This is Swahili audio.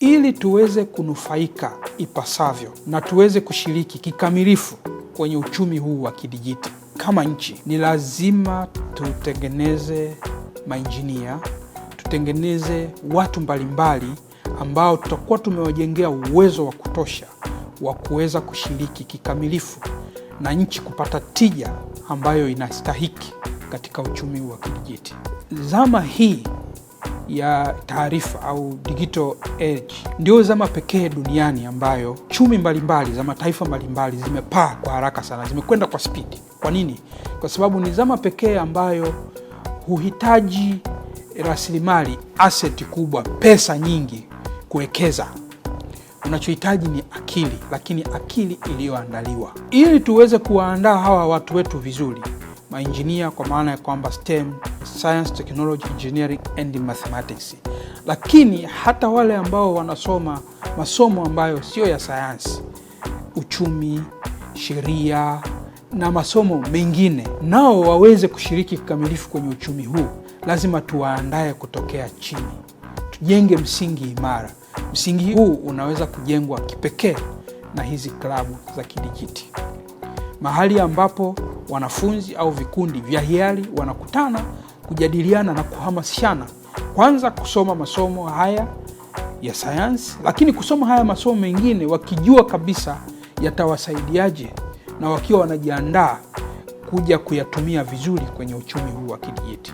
ili tuweze kunufaika ipasavyo na tuweze kushiriki kikamilifu kwenye uchumi huu wa kidijiti kama nchi, ni lazima tutengeneze mainjinia, tutengeneze watu mbalimbali ambao tutakuwa tumewajengea uwezo wa kutosha wa kuweza kushiriki kikamilifu na nchi kupata tija ambayo inastahiki katika uchumi wa kidijiti. Zama hii ya taarifa au digital age ndio zama pekee duniani ambayo chumi mbalimbali za mataifa mbalimbali zimepaa kwa haraka sana, zimekwenda kwa spidi. Kwa nini? Kwa sababu ni zama pekee ambayo huhitaji rasilimali aset kubwa, pesa nyingi kuwekeza. Unachohitaji ni akili, lakini akili iliyoandaliwa. Ili tuweze kuwaandaa hawa watu wetu vizuri mainjinia kwa maana ya kwamba STEM, science, technology, engineering and mathematics. Lakini hata wale ambao wanasoma masomo ambayo sio ya sayansi, uchumi, sheria na masomo mengine, nao waweze kushiriki kikamilifu kwenye uchumi huu, lazima tuwaandae kutokea chini, tujenge msingi imara. Msingi huu unaweza kujengwa kipekee na hizi klabu za kidijiti, mahali ambapo wanafunzi au vikundi vya hiari wanakutana kujadiliana na kuhamasishana kwanza kusoma masomo haya ya sayansi, lakini kusoma haya masomo mengine wakijua kabisa yatawasaidiaje na wakiwa wanajiandaa kuja kuyatumia vizuri kwenye uchumi huu wa kidijiti.